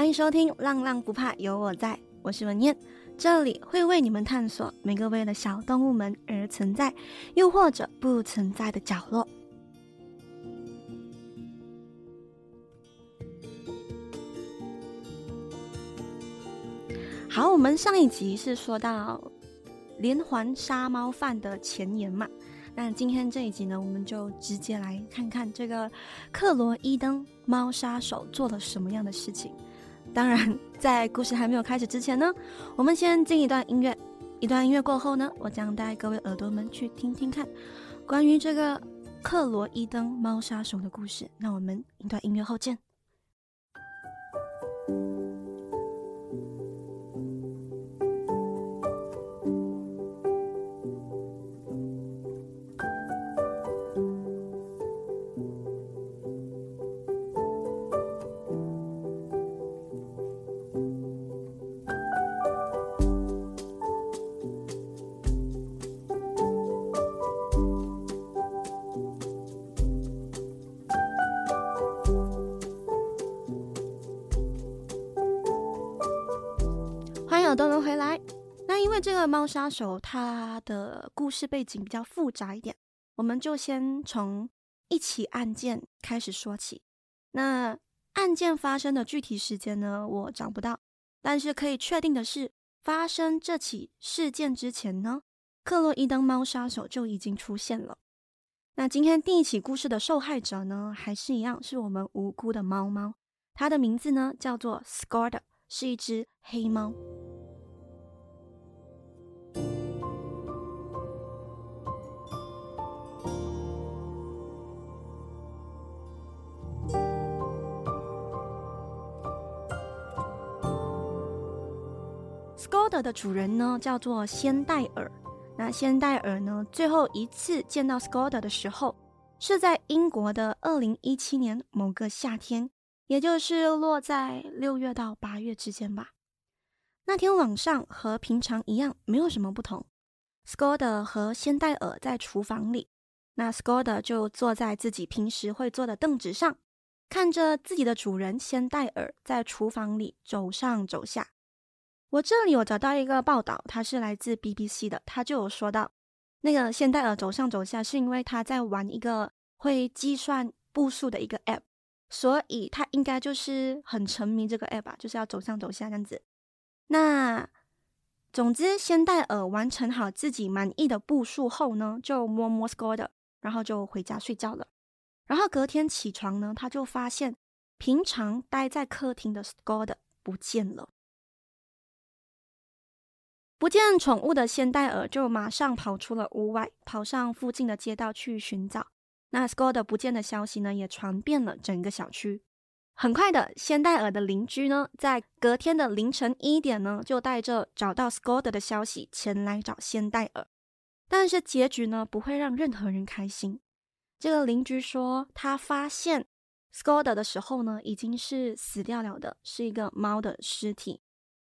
歡迎收聽《浪浪不怕，有我在》，我是文燕，這裡會為你們探索每個為了小動物們而存在，又或者不存在的角落。好，我們上一集是說到連環殺貓犯的前言嘛？那今天這一集呢，我們就直接來看看這個克羅伊登貓殺手做了什麼樣的事情。當然，在故事還沒有開始之前呢，我們先進一段音樂。一段音樂過後呢，我將帶各位耳朵們去聽聽看關於這個克羅伊登貓殺手的故事。那我們一段音樂後見。因為這個貓殺手，它的故事背景比較複雜一點，我們就先從一起案件開始說起。那案件發生的具體時間呢，我找不到，但是可以確定的是，發生這起事件之前呢，克羅伊登貓殺手就已經出現了。那今天第一起故事的受害者呢，還是一樣，是我們無辜的貓貓，它的名字呢叫做 Scared，是一只黑貓。Scoda 的主人呢，叫做仙戴爾。那仙戴爾呢，最後一次見到 Scoda 的時候，是在英國的2017年某個夏天，也就是落在六月到八月之間吧。那天晚上和平常一樣，沒有什麼不同。Scoda 和仙戴爾在廚房裡，那 Scoda 就坐在自己平時會坐的凳子上，看着自己的主人仙戴爾在廚房裡走上走下。我這裡有找到一個報道，它是來自 BBC 的，它就有說到，那個仙黛爾走上走下是因為他在玩一個會計算步數的一個 App，所以他應該就是很沉迷這個 App 吧、啊，就是要走上走下這樣子。那總之，仙黛爾完成好自己滿意的步數後呢，就摸摸 Score 的，然後就回家睡覺了。然後隔天起床呢，他就發現平常待在客廳的 Score 不見了。不見寵物的仙黛爾就馬上跑出了屋外，跑上附近的街道去尋找。那 Skoda 的不見的消息呢，也傳遍了整個小區。很快的，仙黛爾的鄰居呢，在隔天的凌晨一點呢，就帶着找到 Skoda 的消息前來找仙黛爾。但是結局呢，不會讓任何人開心。這個鄰居說，他發現 Skoda 的時候呢，已經是死掉了的，是一個貓的屍體。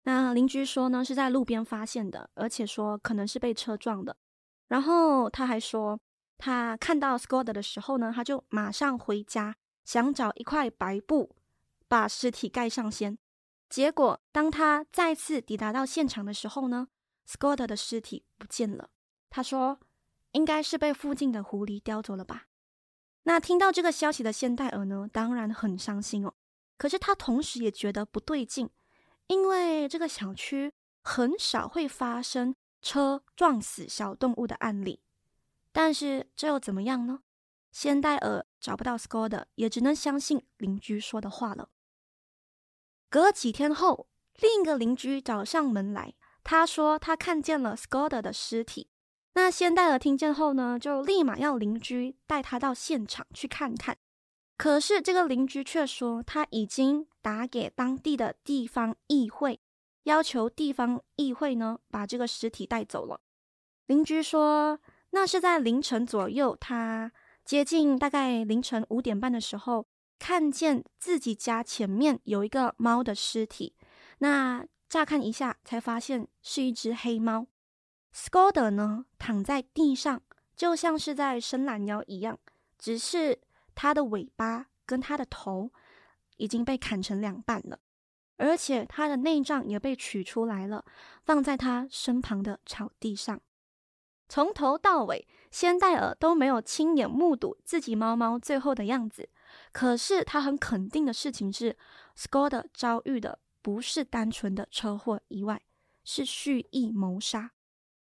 那鄰居說呢，是在路邊發現的，而且說可能是被車撞的。然後他還說，他看到 Scudder 的時候呢，他就馬上回家想找一塊白布把屍體蓋上先。結果當他再次抵達到現場的時候呢 Scudder 的屍體不見了。他說應該是被附近的狐狸叼走了吧。那聽到這個消息的仙黛爾呢，當然很傷心哦。可是他同時也覺得不對勁。因為這個小區很少會發生車撞死小動物的案例，但是這又怎麼樣呢？現代爾找不到 Scoda，也只能相信鄰居說的話了。隔幾天後，另一個鄰居找上門來，他說他看見了 Scoda 的屍體。那現代爾聽見後呢，就立馬要鄰居帶他到現場去看看。可是這個鄰居卻說，他已經打給當地的地方議會，要求地方議會呢把這個屍體帶走了。鄰居說，那是在凌晨左右，他接近大概凌晨五點半的時候，看見自己家前面有一個貓的屍體。那乍看一下才發現是一只黑貓。Scot 的呢躺在地上，就像是在伸懶腰一樣，只是。它的尾巴跟它的頭已經被砍成兩半了，而且它的內臟也被取出來了，放在它身旁的草地上。從頭到尾，仙黛爾都沒有親眼目睹自己貓貓最後的樣子。可是他很肯定的事情是，Scott 遭遇的不是單純的車禍意外，是蓄意謀殺。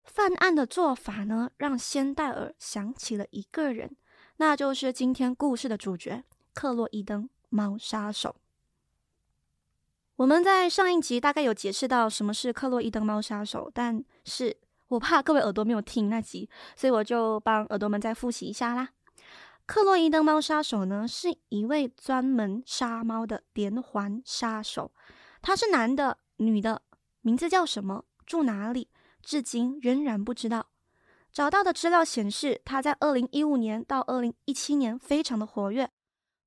犯案的做法呢，讓仙黛爾想起了一個人。那就是今天故事的主角，克洛伊登貓殺手。我們在上一集大概有解釋到什麼是克洛伊登貓殺手，但是我怕各位耳朵沒有聽那集，所以我就幫耳朵們再複習一下啦。克洛伊登貓殺手呢，是一位專門殺貓的連環殺手。他是男的、女的？名字叫什麼？住哪裡？至今仍然不知道。找到的資料顯示，他在2015年到2017年非常的活躍，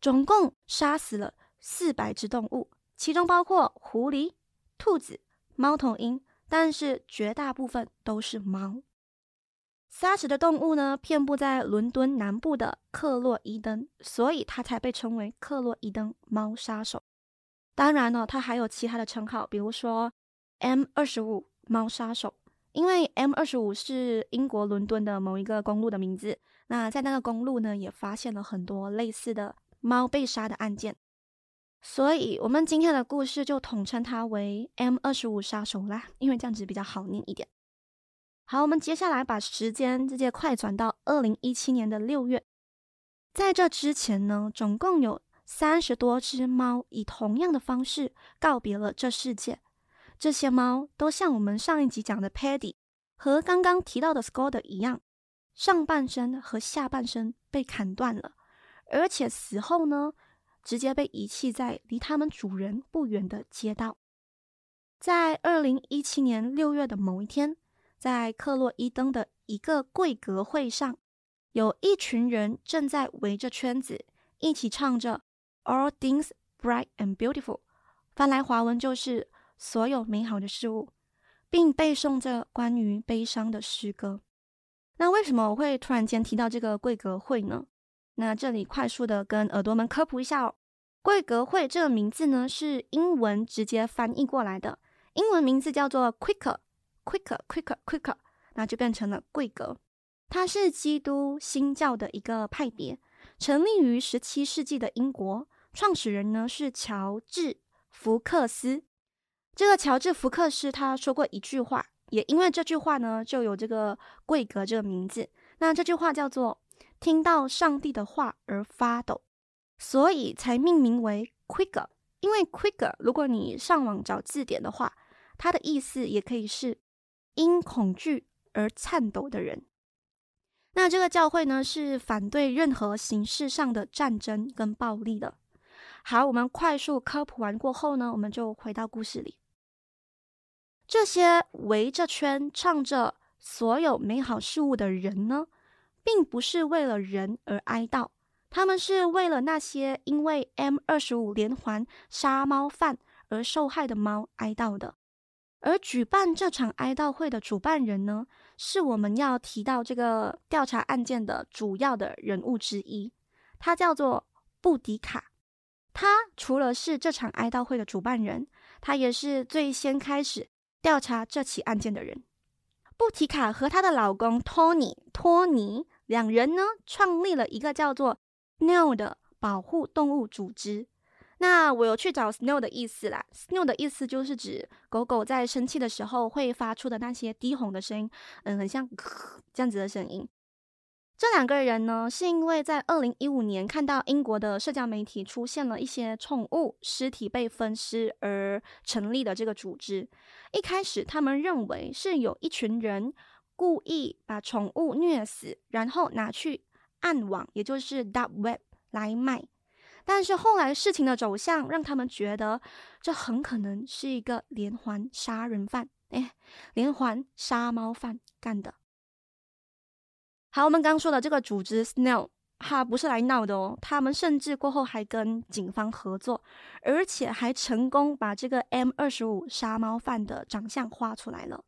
總共殺死了400隻動物，其中包括狐狸、兔子、貓頭鷹，但是絕大部分都是貓。殺死的動物呢，遍佈在倫敦南部的克羅伊登，所以它才被稱為克羅伊登貓殺手。當然了，它還有其他的稱號，比如說 M25 貓殺手。因為 M 二十五是英國倫敦的某一個公路的名字，那在那個公路呢，也發現了很多類似的貓被殺的案件，所以我們今天的故事就統稱它為 M 二十五殺手啦，因為這樣子比較好念一點。好，我們接下來把時間直接快轉到二零一七年的六月。在這之前呢，總共有三十多隻貓以同樣的方式告別了這世界。這些貓都像我們上一集講的 Paddy 和剛剛提到的 Scoda 一樣，上半身和下半身被砍斷了，而且死後呢，直接被遺棄在離他們主人不遠的街道。在二零一七年六月的某一天，在克洛伊登的一個貴格會上，有一群人正在圍着圈子一起唱着 “All Things Bright and Beautiful”，翻來華文就是。所有美好的事物，並背誦着關於悲傷的詩歌。那為什麼我會突然間提到這個貴格會呢？那這裡快速的跟耳朵們科普一下哦。貴格會這個名字呢是英文直接翻譯過來的，英文名字叫做 q u i c k e r q u i c k e r q u i c k e r q u i c k e r 那就變成了貴格。它是基督新教的一個派別，成立於17世紀的英國，創始人呢是喬治·福克斯。這個喬治·福克斯他說過一句話，也因為這句話呢，就有這個“貴格”這個名字。那這句話叫做“聽到上帝的話而發抖”，所以才命名為“ Quaker 因為“ Quaker 如果你上網找字典的話，它的意思也可以是“因恐懼而顫抖的人”。那這個教會呢，是反對任何形式上的戰爭跟暴力的。好，我們快速科普完過後呢，我們就回到故事裡。這些圍着圈唱着所有美好事物的人呢，並不是為了人而哀悼，他們是為了那些因為 M25 連環殺貓犯而受害的貓哀悼的。而舉辦這場哀悼會的主辦人呢，是我們要提到這個調查案件的主要的人物之一，他叫做布迪卡。他除了是這場哀悼會的主辦人，他也是最先開始。調查這起案件的人，布提卡和她的老公托尼，托尼兩人呢，創立了一個叫做 Snow 的保護動物組織。那我有去找 Snow 的意思啦，Snow 的意思就是指狗狗在生氣的時候會發出的那些低吼的聲音，嗯，很像這樣子的聲音。這兩個人呢，是因為在二零一五年看到英國的社交媒體出現了一些寵物屍體被分屍而成立的這個組織。一開始，他們認為是有一群人故意把寵物虐死，然後拿去暗網，也就是 dark web 來賣。但是後來事情的走向讓他們覺得，這很可能是一個連環殺人犯，哎，連環殺貓犯幹的。好，我們剛說的這個組織 SNAIL，他不是來鬧的哦。他們甚至過後還跟警方合作，而且還成功把這個 M 二十五殺貓犯的長相畫出來了。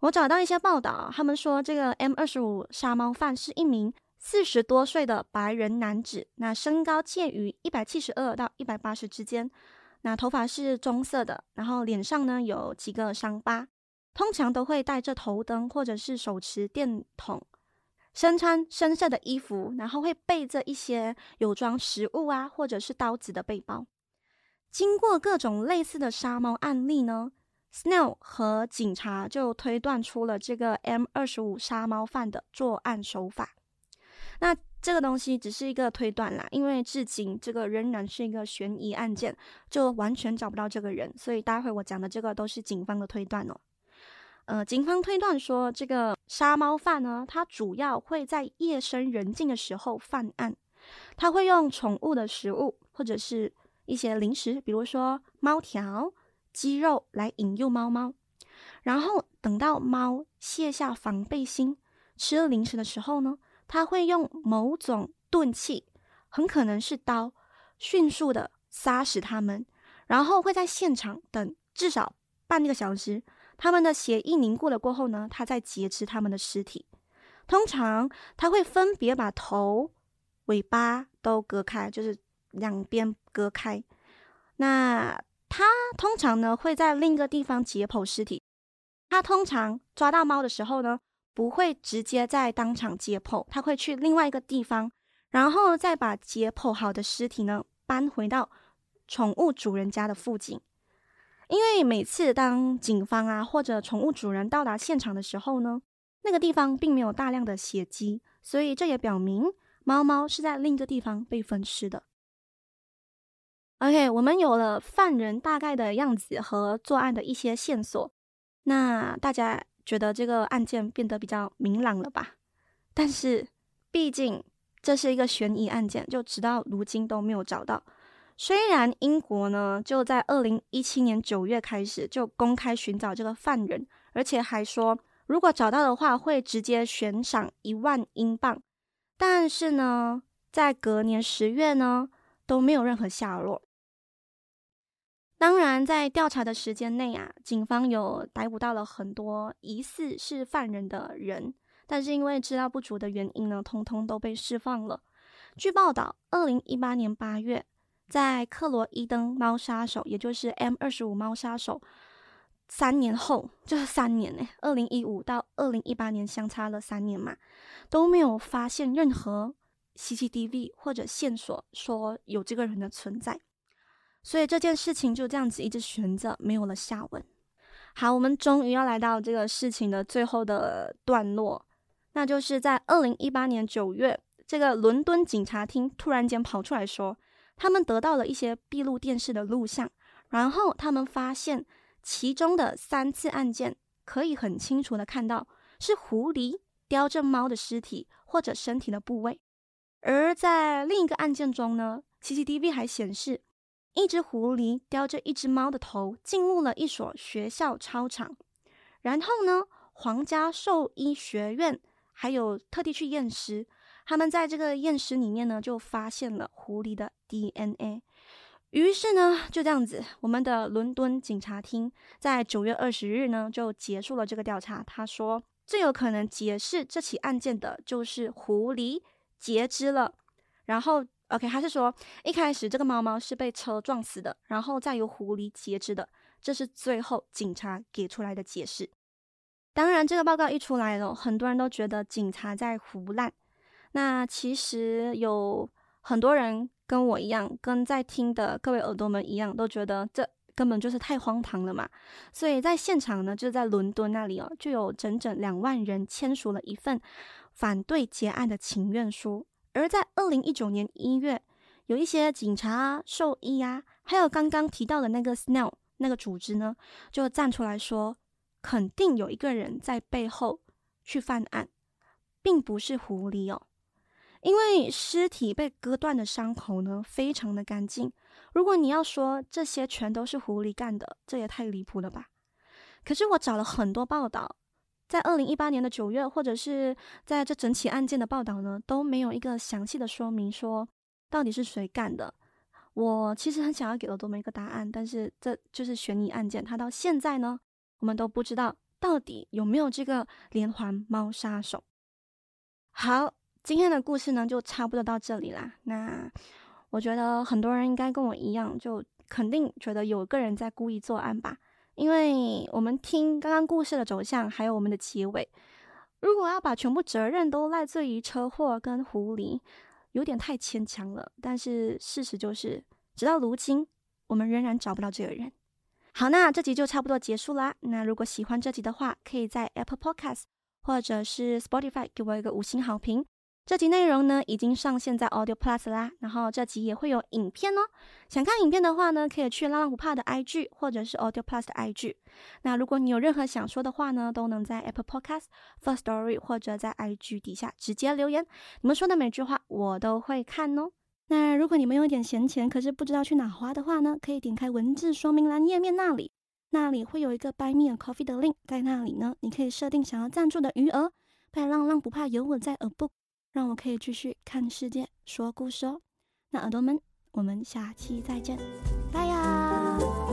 我找到一些報道，他們說這個 M 二十五殺貓犯是一名四十多歲的白人男子，那身高介於一百七十二到一百八十之間，那頭髮是棕色的，然後臉上呢有幾個傷疤，通常都會帶着頭燈或者是手持電筒。身穿深色的衣服，然後會背着一些有裝食物啊，或者是刀子的背包。經過各種類似的殺貓案例呢，Snell 和警察就推斷出了這個 M 二十五殺貓犯的作案手法。那這個東西只是一個推斷啦，因為至今這個仍然是一個懸疑案件，就完全找不到這個人，所以待會我講的這個都是警方的推斷哦。呃，警方推斷說這個。殺貓犯呢，它主要會在夜深人靜的時候犯案，它會用寵物的食物或者是一些零食，比如說貓條、雞肉來引誘貓貓，然後等到貓卸下防備心吃了零食的時候呢，它會用某種鈍器，很可能是刀，迅速的殺死它們，然後會在現場等至少半個小時。他們的血一凝固了過後呢，他再截肢他們的屍體。通常他會分別把頭、尾巴都割開，就是兩邊割開。那他通常呢會在另一個地方解剖屍體。他通常抓到貓的時候呢，不會直接在當場解剖，他會去另外一個地方，然後再把解剖好的屍體呢搬回到寵物主人家的附近。因為每次當警方啊或者寵物主人到達現場的時候呢，那個地方並沒有大量的血迹，所以這也表明貓貓是在另一個地方被分屍的。OK，我們有了犯人大概的樣子和作案的一些線索，那大家覺得這個案件變得比較明朗了吧？但是畢竟這是一個懸疑案件，就直到如今都沒有找到。雖然英國呢，就在二零一七年九月開始就公開尋找這個犯人，而且還說如果找到的話會直接懸賞一萬英鎊，但是呢，在隔年十月呢都沒有任何下落。當然，在調查的時間內啊，警方有逮捕到了很多疑似是犯人的人，但是因為知道不足的原因呢，通通都被釋放了。據報道，二零一八年八月。在克羅伊登貓殺手，也就是 M 二十五貓殺手，三年後，就是三年呢、欸，二零一五到二零一八年相差了三年嘛，都沒有發現任何 CCTV 或者線索說有這個人的存在，所以這件事情就這樣子一直懸着，沒有了下文。好，我們終於要來到這個事情的最後的段落，那就是在二零一八年九月，這個倫敦警察廳突然間跑出來說。他們得到了一些閉路電視的錄像，然後他們發現其中的三次案件可以很清楚地看到是狐狸叼着貓的屍體或者身體的部位，而在另一個案件中呢，CCTV 還顯示一隻狐狸叼着一隻貓的頭進入了一所學校操場，然後呢，皇家獸醫學院還有特地去驗屍。他們在這個驗屍裡面呢，就發現了狐狸的 DNA。於是呢，就這樣子，我們的倫敦警察廳在九月二十日呢，就結束了這個調查。他說，最有可能解釋這起案件的就是狐狸截肢了。然後，OK，他是說一開始這個貓貓是被車撞死的，然後再由狐狸截肢的。這是最後警察給出來的解釋。當然，這個報告一出來了，很多人都覺得警察在胡爛。那其實有很多人跟我一樣，跟在聽的各位耳朵們一樣，都覺得這根本就是太荒唐了嘛。所以在現場呢，就在倫敦那裡哦，就有整整兩萬人簽署了一份反對結案的請願書。而在二零一九年一月，有一些警察啊，獸醫啊，還有剛剛提到的那個 Snell 那個組織呢，就站出來說，肯定有一個人在背後去犯案，並不是狐狸哦。因為屍體被割斷的傷口呢，非常的乾淨。如果你要說這些全都是狐狸幹的，這也太離譜了吧？可是我找了很多報道，在二零一八年的九月，或者是在這整起案件的報道呢，都沒有一個詳細的說明，說到底是誰幹的。我其實很想要給到多梅一個答案，但是這就是懸疑案件，他到現在呢，我們都不知道到底有沒有這個連環貓殺手。好。今天的故事呢，就差不多到這裡啦。那我覺得很多人應該跟我一樣，就肯定覺得有個人在故意作案吧，因為我們聽剛剛故事的走向，還有我們的結尾，如果要把全部責任都賴罪於車禍跟狐狸，有點太牽強了。但是事實就是，直到如今，我們仍然找不到這個人。好，那這集就差不多結束啦。那如果喜歡這集的話，可以在 Apple Podcast 或者是 Spotify 給我一個五星好評。這集內容呢，已經上線在 Audio Plus 啦，然後這集也會有影片哦。想看影片的話呢，可以去浪浪不怕的 IG 或者是 Audio Plus 的 IG。那如果你有任何想說的話呢，都能在 Apple Podcast First Story 或者在 IG 底下直接留言。你們說的每句話我都會看哦。那如果你們有一點閒錢，可是不知道去哪花的話呢，可以點開文字說明欄頁面那裡，那裡會有一個 Buy Me a Coffee 的 link 在那裡呢，你可以設定想要贊助的餘額。要浪浪不怕有我在，A Book。讓我可以繼續看世界，說故事哦。那耳朵們，我們下期再見，拜呀。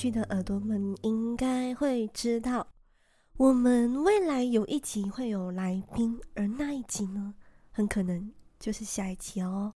去的耳朵們應該會知道，我們未來有一集會有來賓，而那一集呢，很可能就是下一集哦。